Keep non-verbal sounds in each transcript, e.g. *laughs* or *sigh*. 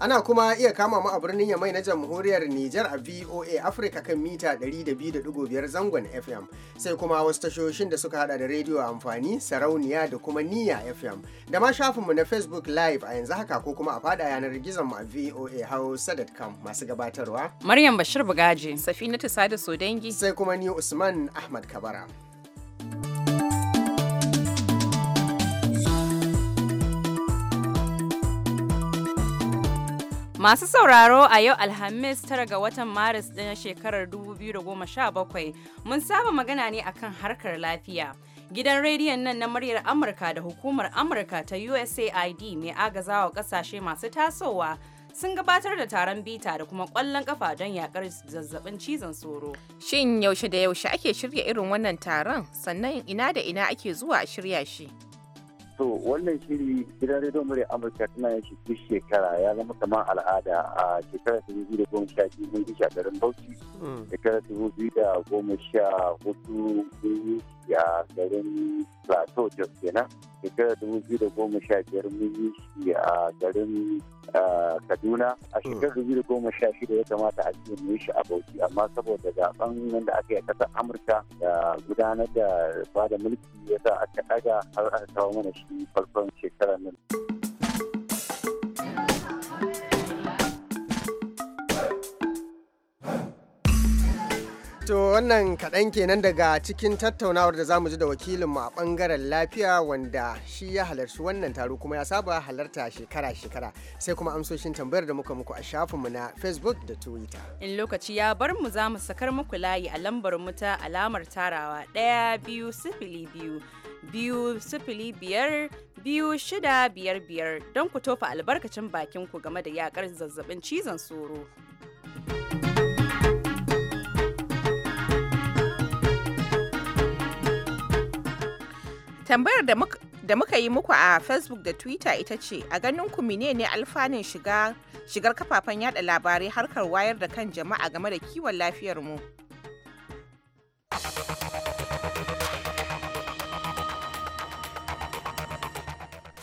Ana kuma iya kama mu a birnin Yamai na jamhuriyar Nijar a VOA Africa kan mita 102.5 zangon FM sai kuma wasu tashoshin da suka hada da rediyo amfani sarauniya da kuma niya FM da ma shafinmu na Facebook Live a yanzu haka ko kuma a fada yanar gizon mu a VOA Hausa.com masu gabatarwa. Maryam Bashir Bugaji, Safinatu Sada Sodangi, sai kuma ni Usman Ahmad Kabara. Masu sauraro a yau Alhamis tara ga watan Maris ɗin shekarar 2017 mun saba magana ne akan harkar lafiya. Gidan rediyon nan na muryar Amurka da hukumar Amurka ta USAID mai agazawa ƙasashe masu tasowa sun gabatar da taron bita da kuma ƙwallon kafa don yakar zazzabin cizon soro Shin yaushe da yaushe ake shirya irin wannan taron sannan ina da ina ake zuwa a shirya shi? to wannan shiri gidan rediyo murya amurka tana yin shi duk shekara ya zama kamar al'ada a shekarar ta biyu da goma sha biyu mun yi shagarin bauchi hmm. shekarar ta biyu da goma sha hudu mun yi a garin plateau jos kenan shekarar dubu biyu da goma sha biyar mun yi shi a garin kaduna a hmm. shekarar dubu biyu da goma sha shida ya kamata a ce mu yi shi a bauchi amma saboda zaben wanda aka yi a ƙasar amurka da gudanar da bada mulki ya sa aka ɗaga har aka kawo mana shi farkon shekarar nan. To wannan kaɗan kenan daga cikin tattaunawar da zamu ji da wakilinmu a ɓangaren lafiya wanda shi ya halarci wannan taro kuma ya saba halarta shekara-shekara sai kuma amsoshin tambayar da muka muku a shafinmu na Facebook da Twitter. In lokaci ya bar mu za mu sakar muku layi a lambar mu ta alamar tarawa ɗaya biyu sifili biyu biyu sifili biyar biyu shida biyar biyar don ku tofa albarkacin bakin ku game da yaƙar zazzabin cizon sauro. Tambayar da muka yi muku a Facebook da Twitter ita ce, a ganin ku ne alfanun shigar kafafen yada labarai harkar wayar da kan jama'a game da kiwon lafiyar mu.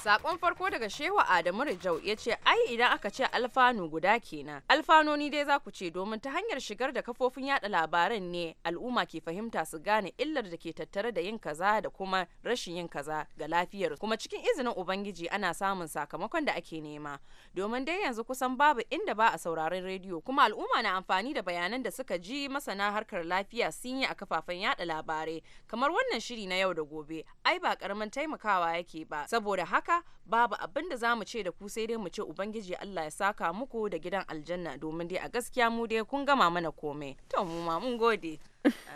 Sakon farko daga Shehu Adamu Rijau ya ce ai idan aka ce alfanu guda kenan. Alfanoni dai za ku ce domin ta hanyar shigar da kafofin yada labaran ne al'umma ke fahimta su gane illar da ke tattare da yin kaza da kuma rashin yin kaza ga lafiyar kuma cikin izinin ubangiji ana samun sakamakon da ake nema domin dai yanzu kusan babu inda ba a sauraron rediyo kuma al'umma na amfani da bayanan da suka ji masana harkar lafiya sun yi a kafafen yada labarai kamar wannan shiri na yau da gobe ai ba karamin taimakawa yake ba saboda haka haka babu abin da zamu ce da ku sai dai mu ce ubangiji Allah ya saka muku da gidan aljanna domin dai a gaskiya mu dai kun gama mana komai to mu ma mun gode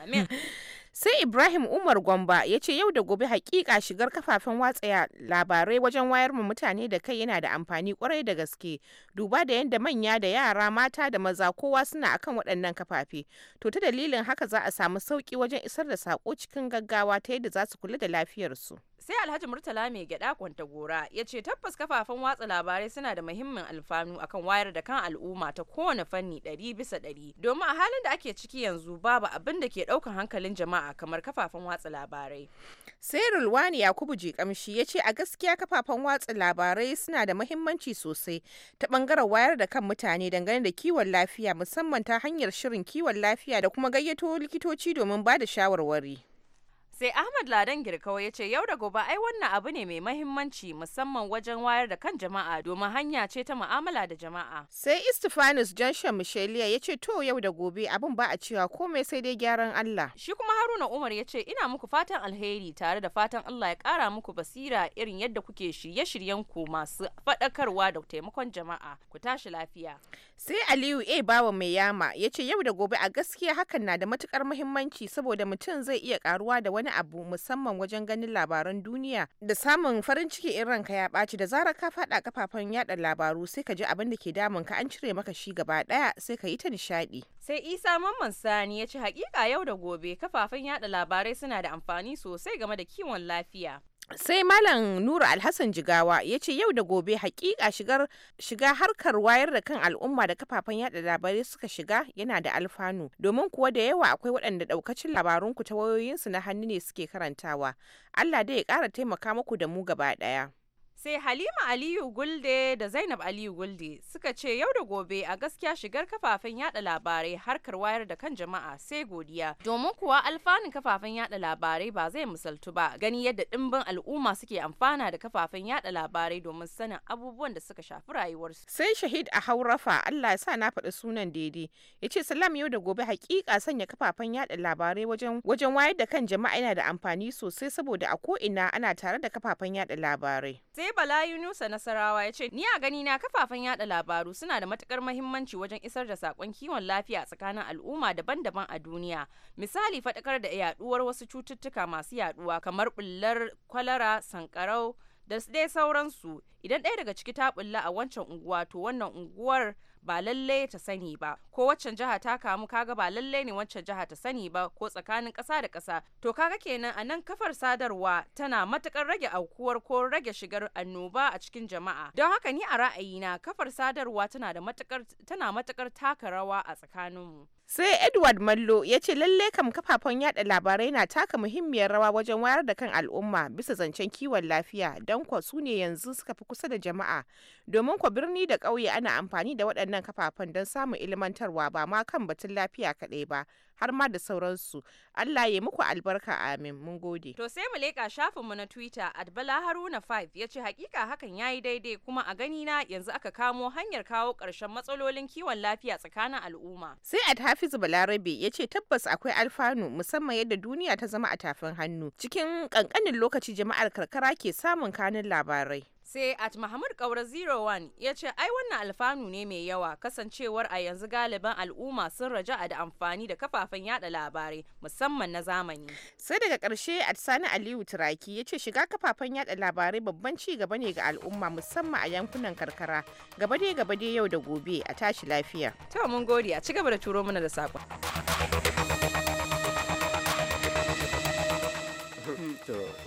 amin *laughs* sai ibrahim umar gwamba ya ce yau da gobe hakika shigar kafafen watsa labarai wajen wayar mu mutane da kai yana da amfani kwarai da gaske duba da yadda manya da yara mata da maza kowa suna akan waɗannan kafafe to ta dalilin haka za a samu sauki wajen isar da sako cikin gaggawa ta yadda za su kula da lafiyarsu sai alhaji murtala mai gyada kwanta gora ya ce tabbas kafafen watsa labarai suna da muhimmin alfanu akan wayar da kan al'umma ta kowane fanni ɗari bisa ɗari domin a halin da ake ciki yanzu babu abin da ke ɗaukan hankalin jama'a kamar kafafen watsa labarai. Sai Rulwani Yakubu Jikamshi ya ce a gaskiya kafafen watsa labarai suna da mahimmanci sosai ta bangaren wayar da kan mutane dangane da kiwon lafiya musamman ta hanyar shirin kiwon lafiya da kuma gayyato likitoci domin ba da shawarwari. sai ahmad ladan girkawa ya ce yau da gobe ai wannan abu ne mai mahimmanci musamman wajen wayar da kan jama'a domin hanya ce ta mu'amala da jama'a sai istifanus johnson michelia ya ce to yau da gobe abin ba a cewa komai sai dai gyaran allah shi kuma haruna umar ya ce ina muku fatan alheri tare da fatan allah ya kara muku basira irin yadda kuke shirye shiryen ku masu faɗakarwa da taimakon jama'a ku tashi lafiya sai aliyu a bawa mai yama ya ce yau da gobe a gaskiya hakan na da matukar mahimmanci saboda mutum zai iya karuwa da wani wani abu musamman wajen ganin labaran duniya da samun farin ciki in ranka ya ɓaci da zarar ka faɗa kafafen yaɗa labaru sai ka ji abin da ke damun ka an cire maka shi gaba ɗaya sai ka yi ta nishaɗi. Sai Isa Mamman Sani ya ci hakika yau da gobe kafafen yaɗa labarai suna da amfani sosai game da kiwon lafiya. sai malam nura alhassan jigawa ya ce yau da gobe hakika shiga harkar wayar da kan al'umma da kafafen yada labarai suka shiga yana da alfanu domin kuwa da yawa akwai waɗanda ɗaukacin labarun ku ta wayoyinsu na hannu ne suke karantawa allah dai ya ƙara taimaka muku da mu gaba ɗaya sai halima aliyu gulde da zainab aliyu gulde suka ce yau da gobe a gaskiya shigar kafafen yada labarai harkar wayar da kan jama'a sai godiya domin kuwa alfanun kafafen yada labarai ba zai misaltu ba gani yadda dimbin al'umma suke amfana da kafafen yada labarai domin sanin abubuwan da suka shafi rayuwarsu sai shahid a haurafa allah ya sa na faɗi sunan daidai ya ce salam yau da gobe hakika sanya kafafen yada labarai wajen wayar da kan jama'a yana da amfani sosai saboda a ko ina ana tare da kafafen yada labarai Bala Yunusa Nasarawa ya ce, Ni a gani na kafafen yada labaru suna da matukar mahimmanci wajen isar da sakon kiwon lafiya tsakanin al'umma daban-daban a duniya. Misali faɗakar da yaduwar wasu cututtuka masu yaduwa kamar bullar kwalara, sankarau, da dai sauransu. Idan ɗaya daga ciki ta bulla a wancan unguwa to wannan unguwar ba lallai ta sani ba ko waccan jiha ta kamu kaga ba lallai ne waccan jiha ta sani ba ko tsakanin kasa da kasa to kaga kenan a nan kafar sadarwa tana matukar rage aukuwar ko rage shigar annoba a cikin jama'a don haka ni a ra'ayina kafar sadarwa tana da matukar tana matukar taka rawa a tsakanin mu sai edward mallo ya ce lallai kam kafafen yada labarai na taka muhimmiyar rawa wajen wayar da kan al'umma bisa zancen kiwon lafiya don kwa su ne yanzu suka fi kusa da jama'a domin kwa birni da ƙauye ana amfani da waɗannan waɗannan kafafen don samun ilmantarwa ba ma kan batun lafiya kaɗai ba har ma da sauransu. Allah ya muku albarka amin mun gode. To sai mu leƙa shafinmu na Twitter at Bala Haruna 5 ya ce hakika hakan ya yi daidai kuma a gani na yanzu aka kamo hanyar kawo ƙarshen matsalolin kiwon lafiya tsakanin al'umma. Sai at Hafizu Balarabe ya ce tabbas akwai alfanu musamman yadda duniya ta zama a tafin hannu. Cikin ƙanƙanin lokaci jama'ar karkara ke samun kanin labarai. sai at mahamud kaura 01 ya ce ai wannan alfanu ne mai yawa kasancewar a yanzu galiban al'umma sun raja da amfani da kafafen yada labarai musamman na zamani sai daga karshe at sani aliyu turaki ya ce shiga kafafen yada labarai babban ci gaba ne ga al'umma musamman a yankunan karkara gaba dai gaba dai yau da gobe a tashi lafiya ta mun gode a ci gaba da turo mana da saƙon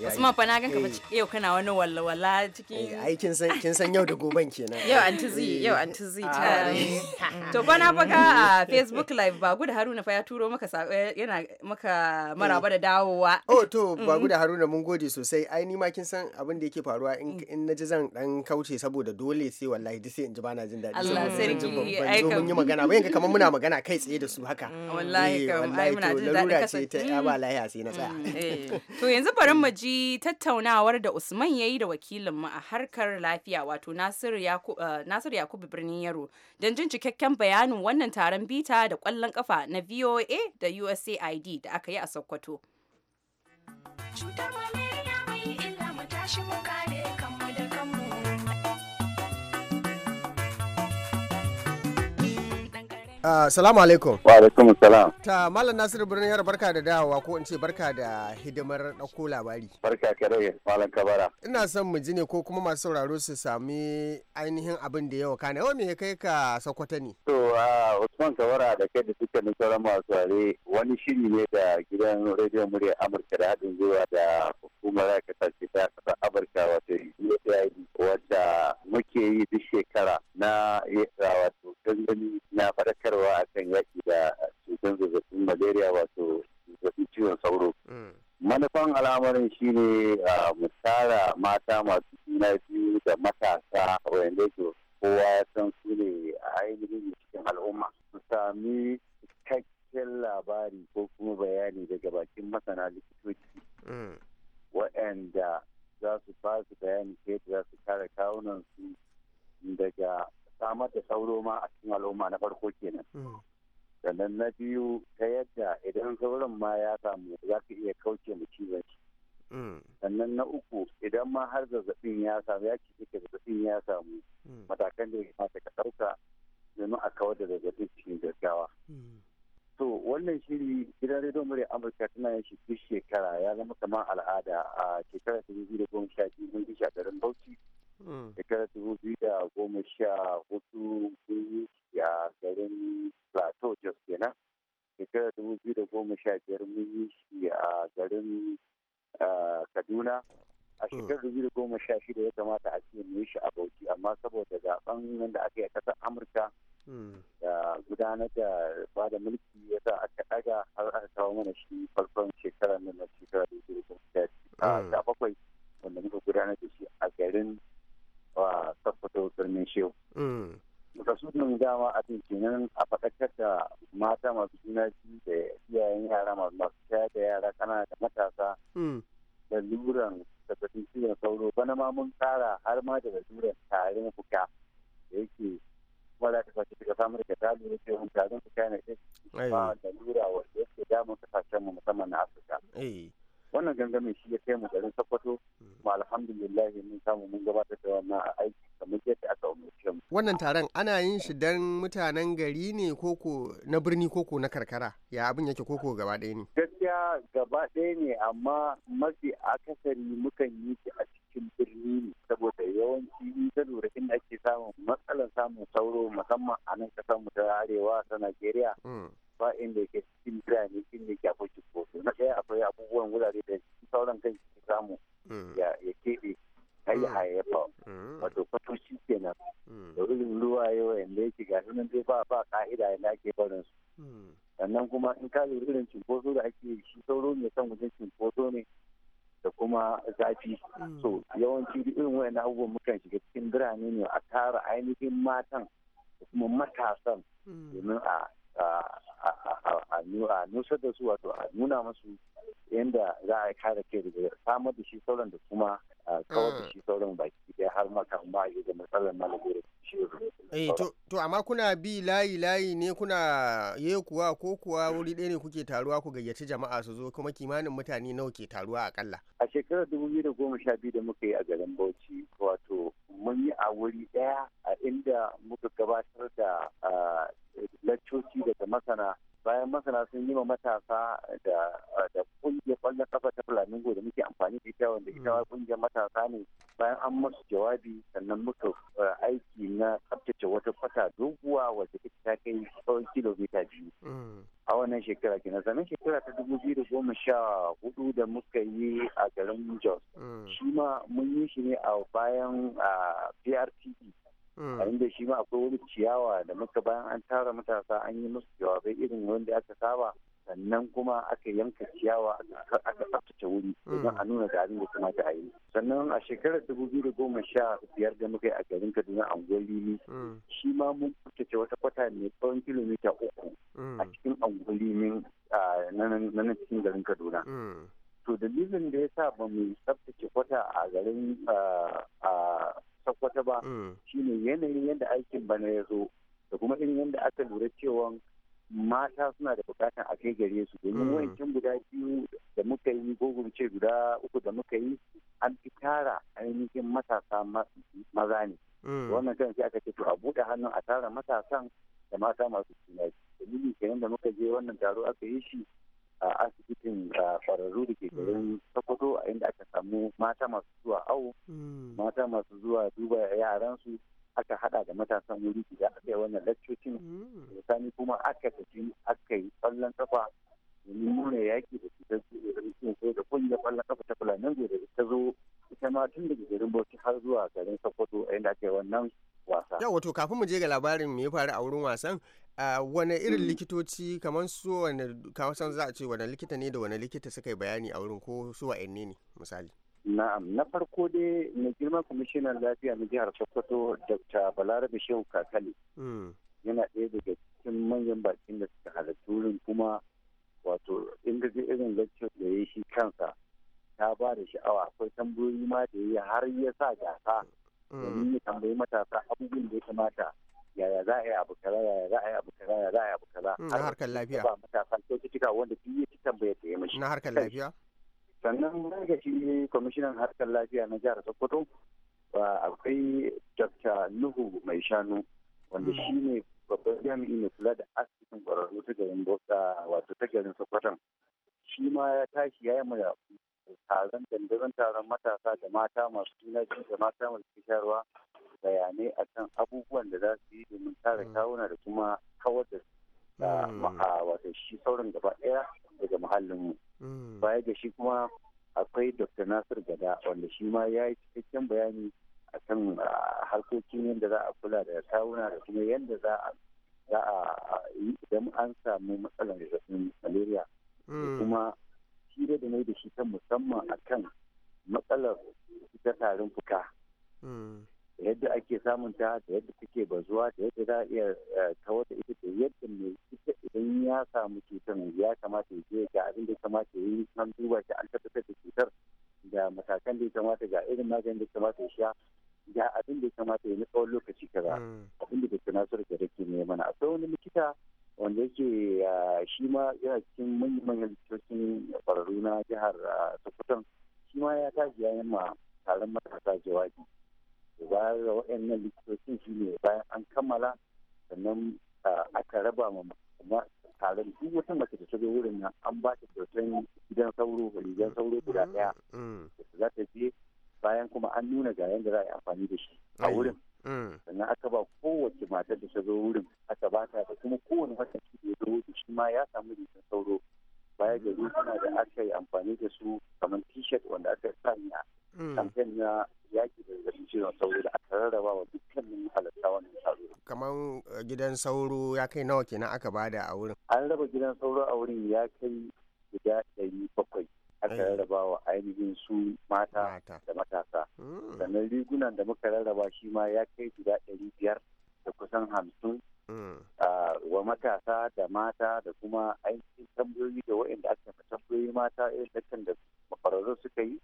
Usman fa na ganka ba yau kana wani walla walla cikin eh, ai kin san kin san yau da goben kenan yau anti zi eh. yau anti zi ta to bana fa a Facebook live ba guda Haruna fa ya turo maka eh, yana maka maraba da dawowa oh to *laughs* mm. ba guda Haruna mun gode sosai ai ni ma kin san abin da yake faruwa in mm. in naji zan dan kauce saboda dole sai wallahi dai sai in ji bana jin daɗi Allah sarki ai ka mun yi magana ba yanka kamar muna magana kai tsaye da su haka mm. wallahi kam ai muna jin daɗi kasance ta ba lahiya sai na tsaya *laughs* to yanzu bari mu ji tattaunawar da Usman ya yi da wakilinmu a harkar lafiya wato Nasiru eh, Yakubu Birnin Yaro don jin cikakken bayanin wannan taron bita da kwallon kafa na VOA da USAID da aka yi a Sokoto. Cutar Ah, salamu alaikum. Wa alaikum salam. Ta Malam Nasiru Birnin Yara barka da dawowa ko in ce barka da hidimar ɗauko labari. Barka ka rai Malam Kabara. Ina son mu ji ne ko kuma masu sauraro su sami ainihin abin da yawa kana yawa me ya kai ka Sokoto ne? To a Usman Kabara da kai da dukkanin sauran masu are wani shiri ne da gidan rediyon murya Amurka da haɗin gwiwa da hukumar kasashe ta ƙasar Amurka wato USAID wadda muke yi duk shekara na eh, wato dangane na faɗakar a akan yaƙi da cutar zazzabin malaria wato zazzabin ciwon sauro mm. manufan al'amarin shine mu tara mata masu juna biyu da matasa wanda yake kowa ya san su ne a ainihin cikin al'umma su sami cikakken labari ko kuma bayani daga bakin masana likitoci mm. waɗanda za su ba su bayani ta za su kare kawunan su daga samar da sauro ma a cikin al'umma na farko kenan hmm. sannan na biyu ta yadda idan sauran ma ya samu za ka iya kauce mu cizon shi hmm. sannan na uku idan ma har zazzabin ya samu ya ci ke zazzabin ya samu hmm. matakan da ya kamata ka ɗauka domin a kawar da zazzabin cikin gaggawa to wannan shiri gidan rediyon murya amurka tana yin shi duk shekara ya zama kamar al'ada a shekarar ta biyu da goma sha biyu mun yi garin bauchi Hmm. shekarar dubu biyu da goma sha hudu mun yi garin plateau jos kenan shekarar dubu biyu da goma sha biyar mun yi shi a garin kaduna a hmm. shekarar dubu da goma sha shida ya kamata a ce mu yi shi a bauchi amma saboda zaben wanda aka yi a ƙasar amurka hmm. da gudanar da wannan taron ana yin shi don mutanen gari ne koko na birni koko na karkara ya abin yake koko gaba ɗaya ne gaskiya gaba ɗaya ne amma mafi akasari mukan yi shi a cikin birni ne saboda yawanci in ta lura inda ake samun matsalar samun sauro musamman a nan kasar mu ta arewa ta nigeria mm. ba inda ke cikin kuma in ka lura irin cinkoso da ake shi sauro mai san wajen cinkoso ne da kuma zafi mm. so yawanci irin wayan abubuwan mukan shiga cikin birane ne a tara ainihin matan da kuma matasan mm. domin a a nusar da su wato a nuna masu yadda za a kare kai daga samar da shi sauran da kuma kawar da ah. shi sauran baki ɗaya har ma kan yi da matsalar malabar Eh to amma kuna bi layi layi ne kuna ye kuwa ko kuwa wuri ɗaya ne kuke taruwa ku gayyaci jama'a su zo kuma kimanin mutane nawa ke taruwa akalla. A shekarar dubu biyu da goma sha biyu da muka yi a garin Bauchi wato mun yi a wuri ɗaya a inda muka gabatar da ah, laccoci daga masana bayan masana sun yi wa matasa da ƙungiyar kungiyar kwallon kafa ta flamingo da muke amfani da ita wanda ita kungiyar mm. matasa ne bayan an masu jawabi sannan muka eh, aiki na tsabtace wata kwata doguwa wacce ita ta kai tsawon kilomita biyu mm. a wannan shekara na zanen shekara ta dubu biyu da goma sha hudu da muka yi a garin jos mm. shi ma mun yi shi ne a bayan ah, prtd e. Hmm. a inda shi ma akwai wani ciyawa da muka bayan an tara matasa an yi musu jawabai irin wanda aka saba sannan kuma aka yanka ciyawa aka tsaftace wuri hmm. don a nuna da abin da kuma ta yi sannan a shekarar dubu biyu da goma sha biyar da muka yi a garin kaduna a limi hmm. shi ma mun tsaftace wata kwata ne tsawon kilomita uku a cikin anguwar na nan cikin garin kaduna to dalilin da ya sa ba mu tsaftace kwata a garin kwata-kwata ba mm. shine yanayin yadda aikin bana ya zo da kuma irin yadda aka lura cewa mata suna da bukatan a kai gare su domin mm. wancan guda biyu da muka yi ce guda uku da muka yi an fi tara ainihin matasa maza ne mm. wannan kan sai aka ce to a buɗe hannun a tara matasan da mata masu suna dalilin kenan da muka je wannan taro aka yi shi a asibitin kwararru da ke mm. garin sokoto a inda aka samu mata masu zuwa awo mm. mata masu zuwa duba yaransu aka hada da matasan wuri da aka yi wannan lakcocin mm. sani kuma aka tafi aka yi kwallon kafa domin nuna yaki da cutar rikin sai da kunya tsallon kafa ta fulanin da ta zo ita ma tun daga garin bauchi har zuwa garin sokoto a inda aka yi wannan wasa. Yau wato kafin mu je ga labarin mu ya faru a wurin wasan Wani wane irin mm. likitoci kamar su wane kawasan za a ce wane likita ne da wane likita suka yi bayani a wurin ko su wa ne misali na'am na farko dai na girma kwamishinan lafiya na jihar sokoto dr balarabe shehu kakali mm. yana ɗaya daga cikin manyan bakin da suka halarci wurin kuma wato inda zai irin lecture da ya shi kansa ta ba da sha'awa akwai tambayoyi ma da ya har ya sa gasa mm. domin ya tambayi matasa abubuwan da ya kamata yaya za a yi abu kaza yaya za a yi abu kaza yaya za a yi abu kaza mm, na harkar lafiya ba matakan cututtuka wanda duk ya ci tambaya ta yi na harkar lafiya sannan daga shi kwamishinan harkar lafiya na jihar sokoto akwai dr nuhu mai shanu wanda mm. shi ne babban jami'i mai kula da asibitin kwararru ta garin bosa wato ta garin sokoton shi ma ya tashi ya yi mu taron dandazon taron matasa da mata masu juna biyu da mata masu shayarwa bayanai akan abubuwan da za su yi domin tara mm. kawuna da kuma kawar da mm. wata shi sauran gaba daya daga muhallinmu. Mm. Baya ga shi kuma akwai Dr. Nasir Gada wanda shi ma ya yi cikakken bayani akan harkokin yadda za a kula da kawuna da kuma yadda za a za a yi idan an samu matsalar zazzabin malaria kuma shi da mai da shi ta musamman a kan matsalar ta tarin fuka da yadda ake samun ta da yadda take bazuwa da yadda za a iya eh, kawar da ita da yadda mai ita idan ya samu cutar ya kamata ya je ga abin da ya kamata ya yi an duba shi an tabbatar da cutar da matakan da ya kamata ga irin maganin da ya kamata ya sha ga abin da ya kamata ya na tsawon lokaci kaza hmm. abin da dr nasiru da rake ne mana akwai wani likita wanda yake eh, shi ma yana cikin manyan manyan likitocin kwararru na jihar eh, sokoton shi ma ya tashi yayin ma taron matasa jawabi ba da waɗannan likitocin shi ne bayan an kammala sannan aka raba ma kuma tare da duk wata mace da ta zo wurin nan an ba ta kyautar gidan sauro gidan sauro guda mm, ɗaya mm. za ta je bayan kuma an nuna ga yadda za a yi amfani da shi a wurin mm. sannan aka ba kowace mata da ta zo wurin aka ba ta da kuma kowane wata da ya zo shi ma ya samu gidan sauro baya ga riguna da aka yi amfani da su kamar t-shirt wanda aka yi sanya kamfen na yaki da zazzabin cizon sauro da aka rarraba wa dukkanin halatta wannan taro. Kaman eh, gidan sauro ya kai nawa kenan aka bada a wurin? An raba gidan sauro a wurin ya kai guda ɗari bakwai. aka eh. rarraba wa ainihin su mata da matasa. Hmm. Sannan rigunan da muka rarraba shi ma ya kai guda ɗari biyar da kusan hamsin hmm. wa matasa da mata da kuma ainihin tambayoyi da waɗanda aka tambayoyi mata irin kan da makwararru suka yi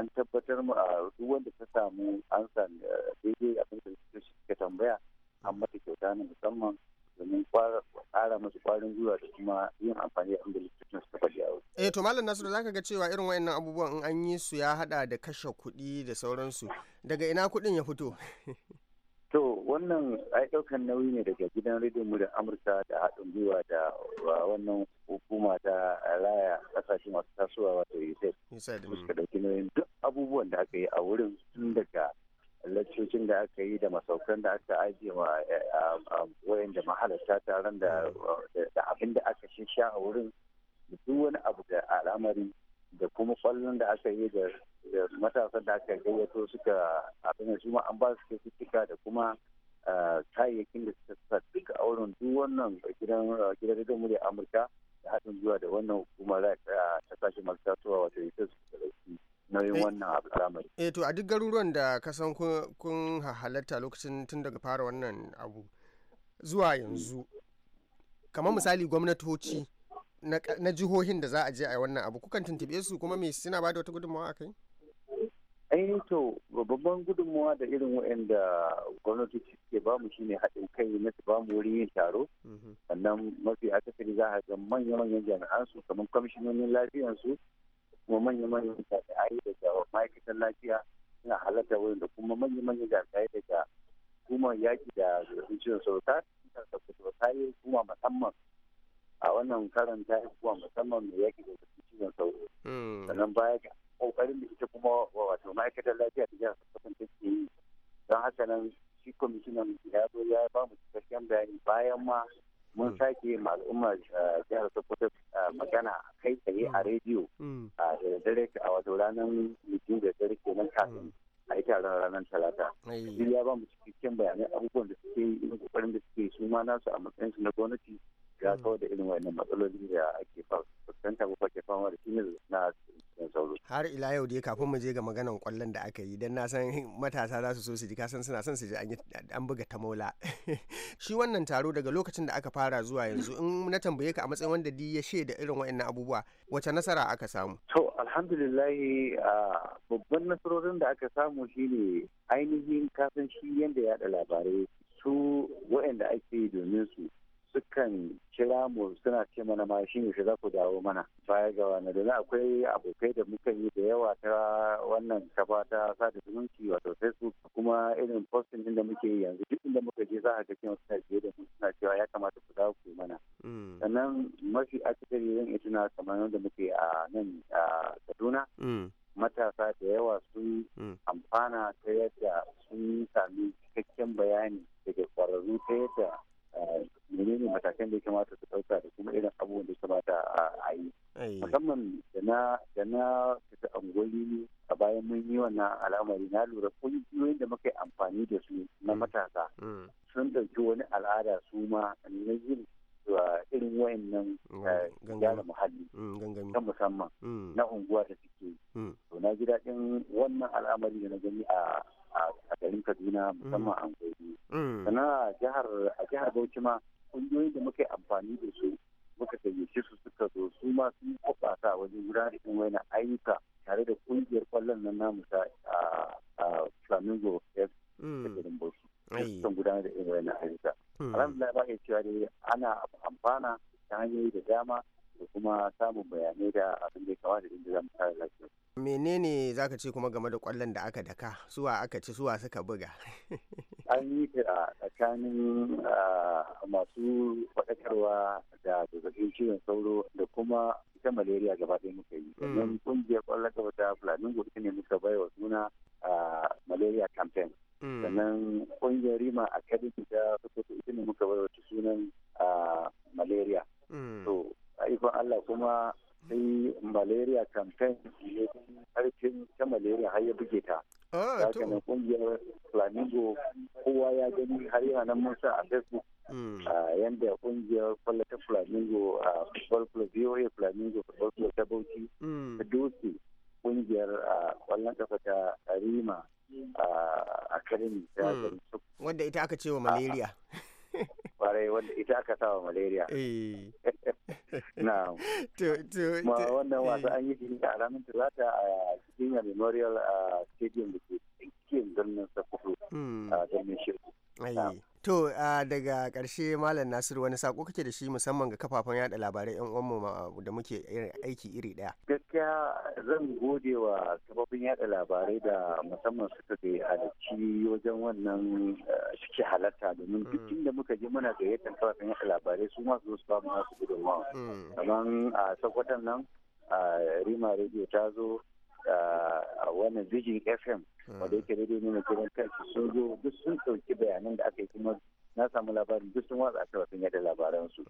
an tabbatar mu a duk wanda ta samu an san eh, daidai abin da ka tambaya an mata kyauta na musamman domin kara masu kwarin gwiwa da kuma yin amfani da abin da suka faɗi a eh to malam nasiru zaka ga cewa irin wayannan abubuwan in an yi su ya hada da kashe kuɗi da sauransu daga ina kuɗin ya fito *laughs* to wannan ai ɗaukan nauyi ne daga gidan rediyon mu da amurka da haɗin gwiwa da wannan hukuma ta raya ƙasashe masu tasowa wato usaid suka mm. nauyin duk abubuwan da aka yi a wurin tun daga laccocin da aka yi da masaukan da aka ajiye ma eh, um, um, wayan da mahalarta taron da abin da aka sha a wurin da duk wani abu da al'amari da kuma kwallon da aka yi da matasan da aka gayyato suka abin da ma an ba su kyaututtuka da kuma eh, kayayyakin da suka sa duka a wurin duk wannan gidan gidan amurka da haɗin zuwa da wannan hukumar eh, ta sashi masu tasowa wato ita su nauyin eh, wannan al'amari. Eh to a duk garuruwan da ka san kun halatta lokacin tun daga fara wannan abu zuwa yanzu kamar misali gwamnatoci na jihohin da za a je a yi wannan abu kukan tuntube su kuma me suna ba da wata gudunmawa a kai? Eh to babban gudunmawa da irin waɗanda gwamnatoci ke mu shine haɗin kai na su mu wurin yin taro mm-hmm. sannan mafi akasari za a ga manya-manyan jami'an su kamar kwamishinonin lafiyan su kuma manya-manyan jami'ai daga ma'aikatan lafiya suna halarta wurin da kuma manya-manyan jami'ai daga hukumar yaƙi da zazzabin cizon sauro ta kuma ta yi hukuma musamman a wannan karan ta yi hukuma musamman mai yaƙi da zazzabin cizon sauro hmm. sannan baya ga ƙoƙarin da ita kuma wato ma'aikatan lafiya ta jihar Sokoto take yi don haka nan shi kwamishinan ya zo ya ba mu cikakken bayani bayan ma mun mm. sake ma al'ummar eh, jihar sokoto eh, magana kai tsaye a mm. rediyo mm. a dare a wato ranar mutum da dare kenan kafin a yi taron ranar talata ya ba mu cikakken bayanai abubuwan da suke yi kokarin da suke su ma nasu a matsayin su na gwamnati ya kawar da irin wannan matsaloli da ake fuskanta ko ake fama da shi na sauro. Har ila yau dai kafin mu je ga maganan kwallon da aka yi dan na san matasa za su so su ji kasan suna son su ji an buga ta maula. *laughs* Shi wannan taro daga lokacin da aka fara zuwa yanzu in na tambaye ka a matsayin wanda di ya shaida irin wa'annan abubuwa wace nasara aka samu? To alhamdulillahi babban nasarorin da aka samu shine ainihin kasan shi yanda yaɗa labarai su wa'anda ake domin su sukan kira mu suna ce mana ma shi ne za ku dawo mana baya ga wani domin akwai abokai da muka yi da yawa ta wannan kafa ta sada zumunci wato facebook kuma irin posting din da muke yi yanzu duk inda muka je za a ga cewa suna je da mu suna cewa ya kamata ku dawo ku mana mm. sannan mafi akasari zan iya tuna kamar da muke a nan a kaduna mm. matasa da yawa sun mm. amfana ta yadda sun sami cikakken bayani daga kwararru ta yadda Eh, menene matakan da ya kamata su ɗauka da kuma irin abubuwan da ya kamata a yi eh. musamman da na fita angoli a bayan mun yi wannan al'amari na lura ƙungiyoyin da muka yi amfani da su na mm. matasa mm. sun ɗauki wani al'ada su ma na yin irin nan mm, eh, gyara muhalli ta musamman na unguwa da suke to na ji daɗin wannan al'amari da na gani a a garin kaduna musamman mm. an gobe mm. sannan a jihar bauchi ma kungiyoyin da muka yi amfani da su muka gayyace su suka zo su ma sun kwabata wajen gudanar da na ayyuka tare da ƙungiyar kwallon nan namu ta flamingo f mm. da garin bauchi sun gudanar da irin wani ayyuka alhamdulillah ba ka cewa dai ana amfana ta hanyoyi da dama da kuma samun bayanai menene ka ce kuma game da kwallon da aka daka suwa aka ci suwa suka buga *laughs* an yi ta tsakanin masu faɗakarwa da zazzabin cizon sauro da kuma ita malaria gaba ɗaya muka yi hmm. domin kungiyar kwallon gaba ta flamingo ita ne muka bai wa suna malaria campaign hmm. sannan kungiyar rima academy ta fito ita ne muka bai wa sunan malaria hmm. to ikon allah kuma sai malaria campaign ne karfin ta malaria har ya buge ta ah, haka nan kungiyar flamingo kowa ya gani har yana nan musa a facebook hmm. ah, yanda kungiyar kwallo ta flamingo a ah, football club voa flamingo football club ta bauchi hmm. ta doke kungiyar kwallon kafa ta rima a academy ta hmm. wanda ita aka ce wa malaria kwarai wanda ita aka sawa malaria eh. *laughs* na ma wannan wasu eh. an yi jini a ranar talata a cikin memorial ah, stadium da ke cikin birnin sokoto hmm. a ah, birnin shirku To uh, daga ƙarshe Malam Nasir wani sako kake da shi musamman ga kafafen yada labarai 'yan uwanmu da muke aiki iri ɗaya. Gaskiya zan gode wa kafafen yada labarai da musamman suka ga halarci wajen wannan suke halarta domin duk mm. inda muka je muna gayyatar kafafen yada labarai su masu su ba mu nasu gudunmawa. Mm. Kamar a sakwatan nan Rima Radio ta zo a wannan Vision FM mm. wanda yake rediyo ne na kiran kansu sun zo duk sun ɗauki bayanan da aka samu labarin duk sun watsa kafafen yada labaran su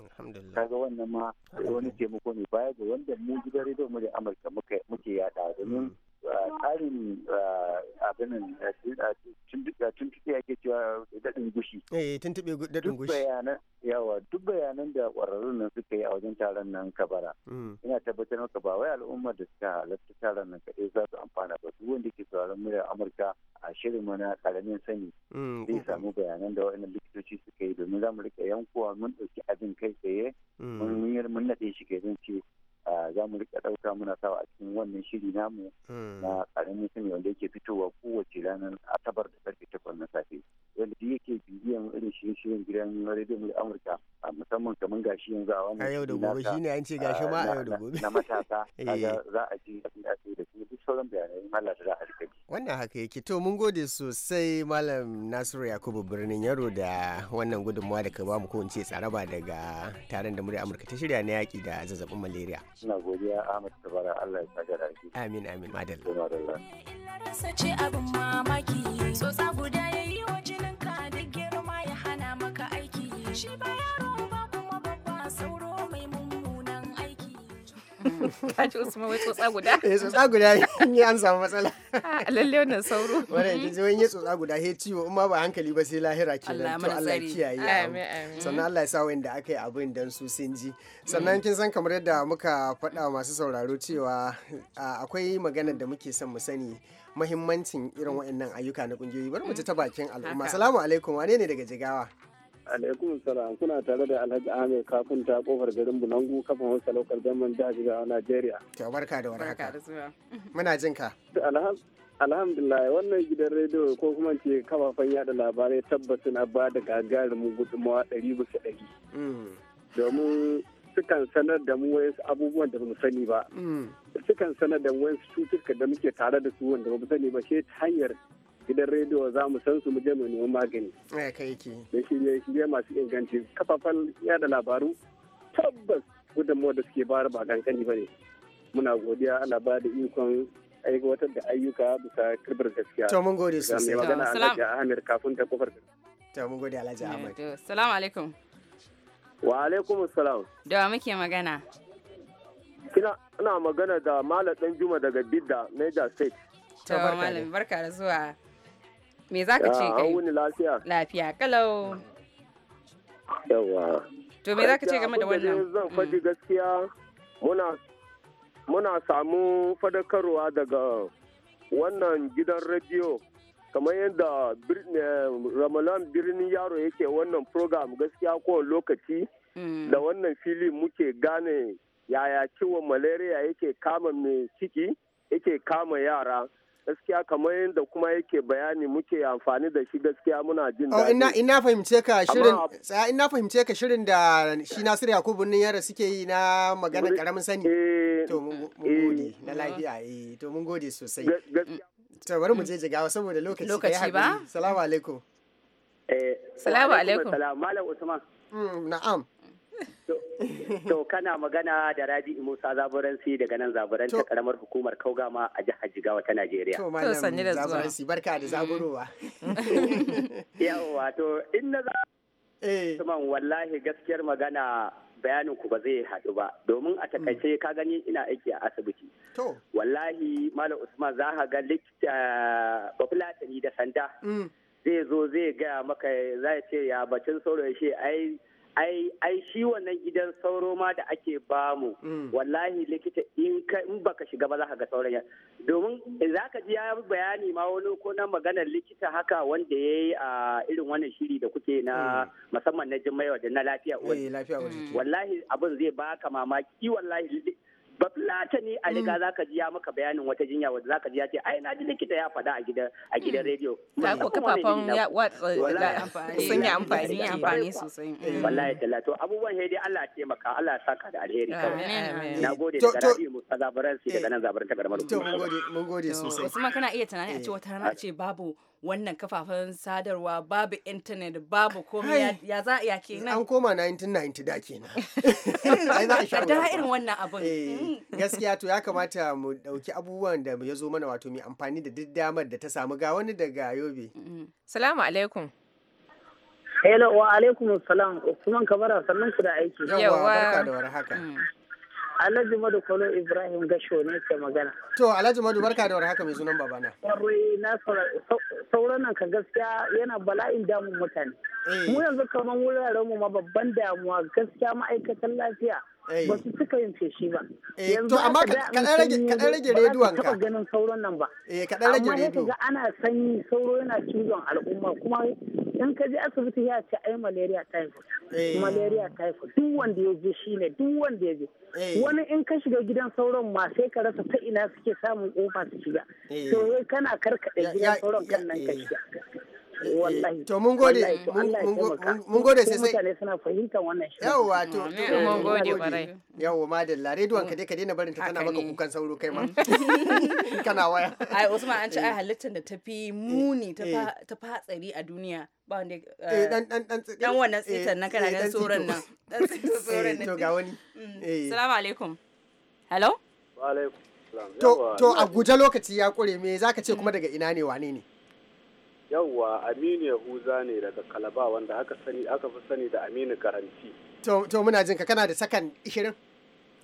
kaga wannan ma wani taimako ne baya ga wanda mu gidan rediyo mu da amurka muke yada domin mm. tsarin abinan tuntuɓe ake cewa daɗin gushi. Eh tuntuɓe daɗin gushi. Yawa duk bayanan da ƙwararrun nan suka yi a wajen taron nan kabara. Mm. Ina tabbatar maka ba wai al'ummar da suka halatta taron nan kaɗai za su amfana ba duk wanda ke sauraron murya Amurka a shirin mana ƙaramin sani. Mm, zai samu bayanan da waɗannan likitoci suka yi domin zamu rike rika yankowa mun ɗauki abin kai tsaye hmm. mun naɗe shi ke zan ce za mu rika ɗauka muna sawa a cikin wannan shiri namu hmm. na ƙaramin sani wanda yake fitowa kowace ranar asabar da karfe takwas na safe wanda duk yake bibiyan irin shirin shirin gidan rediyon amurka musamman kamar gashi yanzu a wannan yau da gobe an ce gashi ma a yau da gobe na matasa *laughs* eh. za a ji sauran bayanai Allah ta za a rike wannan haka yake to mun gode sosai malam Nasiru Yakubu birnin Yaro da wannan gudunmawa da ka bamu ko in ce tsaraba daga taron da murya Amurka ta shirya na yaki da zazzabin malaria ina godiya Ahmad Tabara Allah ya saka da amin amin madal ce abin mamaki tsotsa guda yayi wa jininka duk girma ya hana maka aiki shi ta *laughs* ci usman wai tsotsa guda eh tsotsa guda in yi an samu matsala A ah, lalle wannan sauro *laughs* wannan kin ji yi tsotsa guda he ciwo in ma ba hankali ba sai lahira ke nan to Allah ya kiyaye sannan Allah ya sa wanda aka yi abin dan su sun ji mm. sannan kin san kamar yadda muka faɗa masu sauraro cewa akwai maganar da muke son mu sani mahimmancin irin waɗannan ayyuka na ƙungiyoyi. bari mu ji ta bakin al'umma Salamu alaikum wane ne daga jigawa alaikum salam kuna tare da alhaji ahmed kafin ta kofar garin bunangu kafin wasu lokal zaman jihar a nigeria to barka da warhaka *laughs* muna jin ka alhamdulillah wannan gidan rediyo ko kuma ce kafafen yada labarai tabbas na ba da gagarumin gudunmawa ɗari bisa ɗari mm. domin sukan sanar da mu wayansu abubuwan da mu sani ba mm. sukan sanar da mu wayansu cutuka da muke tare da su wanda mu sani ba sai ta hanyar gidan rediyo za mu san su mu je mu nemi magani Eh kai da shirye shirye masu inganci kafafan yada labaru tabbas gudunmawar da suke bayar ba kankani ba ne muna godiya ana ba da ikon aiwatar da ayyuka bisa kirbar gaskiya to mun gode sosai ga magana Alhaji Ahmed kafin ta kofar to mun gode Alhaji eh, Ahmed assalamu alaikum wa alaikum salam. da muke magana kina ina magana da malam Danjuma daga bidda niger state Tawar malam barka da zuwa Me za ka ce kai? wani lafiya. Lafiya kalau. Yawa. To me za ka ce game da wannan? Zan faɗi mm. gaskiya muna muna samu fadakarwa daga wannan gidan radio kamar yadda eh, ramalan birnin yaro yake wannan program gaskiya kowane lokaci mm. da wannan fili muke gane yaya ciwon malaria yake kama mai ciki yake kama yara gaskiya kamar yadda kuma yake bayani muke amfani da shi gaskiya muna jin oh, daɗi. ina ina fahimce ka shirin tsaya ina fahimce ka shirin da shi Nasiru Yakubu nin yara suke yi na magana karamin sani. Eh, to mun eh. gode na lafiya eh to mun gode sosai. To bari mu je jigawa saboda lokaci lokaci ba. Salamu alaikum. Eh salamu alaikum. Malam Usman. Mm, na'am. To kana magana da Rabi Musa Zaburansi daga nan Zaburan ta karamar hukumar Kaugama a jihar Jigawa ta Najeriya. To malam Zaburansi barka da zaburowa. *laughs* Yawwa to in na za eh. man wallahi gaskiyar magana bayanin ku ba zai haɗu ba domin a takaice mm. ka gani ina aiki a asibiti. To. Wallahi Malam Usman za ka ga likita bafulatani da sanda. Mm. Zai zo zai gaya maka zai ce ya bacin sauro ya ai ai ai shi wannan gidan sauro ma da ake bamu mm. wallahi likita in ka in baka shiga ba za ka ga sauran ya domin ka ji ya bayani ma wani ko na maganar likita haka wanda ya yi a irin wannan shiri da kuke na mm. musamman na jimaiwa da na lafiya uwa eh, wallahi abin zai baka mamaki wallahi ba ne a riga mm. za ka jiya maka bayanin wata jinya wadda za ka jiya ce ai na ji likita ya faɗa a gidan a mm. gidan rediyo ta ko kafafan sun yi amfani amfani sosai mm. wallahi da lato abubuwan hede Allah ya taimaka Allah ya saka da alheri kawai na gode da rabi mu zabaran sai daga nan zabaran ta garma to mun gode mun gode sosai kuma kana iya tunani a ce wata rana a ce babu wannan kafafen sadarwa babu intanet babu komai ya za ya kenan an koma 1990 da kenan *laughs* ai za a sha da irin wannan abin eh. gaskiya to ya kamata mu dauki abubuwan da ya zo mana wato mai amfani da duk damar da ta samu ga wani daga yobe salamu alaikum hello wa alaikum salam usman kabara sannan ku da aiki yawa barka da warhaka mm. Alhaji Madu Kolo Ibrahim Gasho ne ke magana. To Alhaji Madu barka da warhaka mai sunan babana. Kwarai na sauran nan ka gaskiya yana bala'in damun mutane. Eh. Mu yanzu kamar wuraren mu ma babban damuwa gaskiya ma'aikatan lafiya. Eh. ba su suka yin feshi ba eh, yanzu amma kaɗan rage rediyon ka ganin sauron nan ba eh kaɗan rage rediyo amma ana sanyi sauro yana cizon al'umma kuma in ka je asibiti ya ce ai malaria typhoid eh. malaria typhoid duk wanda ya je shi ne duk wanda ya je wani in ka shiga gidan sauron ma sai ka rasa ta ina suke samun kofa su shiga to kana karkaɗe gidan sauron kan nan ka shiga Eh, wallahi to mun gode mun gode sai sai mutane suna fahimtar wannan shi yawa to barin ta tana maka kukan sauro kai ma mm. *laughs* kana waya *laughs* ai Usman an ci ai eh. halittar da tafi muni ta eh. fatsari a duniya ba wanda dan dan dan dan wannan dan *laughs* tsoron nan to mm. hello wa alaikum to a guje lokaci ya kure me zaka ce mm. kuma daga ina ne wane ne yawwa aminu yahuza ne daga kalaba wanda aka sani aka fi sani da aminu garanti to to muna jin kana da sakan 20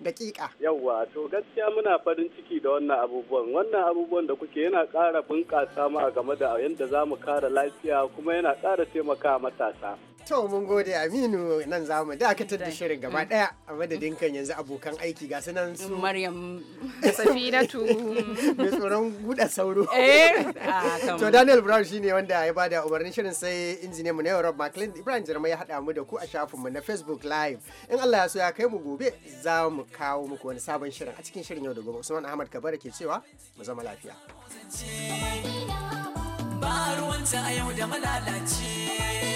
dakika yawwa to gaskiya muna farin ciki da wannan abubuwan wannan abubuwan da kuke yana ƙara bunƙasa mu a game da yadda za mu kara lafiya kuma yana ƙara taimaka matasa To mun gode Aminu nan za mu dakatar da shirin gaba daya mm. a madadin kan yanzu abokan aiki ga su nan su Maryam *laughs* Safinatu mai tsoron guda sauro. Eh, ah, *laughs* to Daniel Brown shine wanda ya bada umarnin shirin sai injiniya mu na yau Rob McLean Ibrahim Jirma ya haɗa mu da ku a shafin mu na Facebook Live. In Allah ya so ya kai mu gobe za mu kawo muku wani sabon shirin a cikin shirin yau da gobe Usman Ahmad Kabara ke cewa mu zama lafiya. Ba ruwanta a yau da malalaci.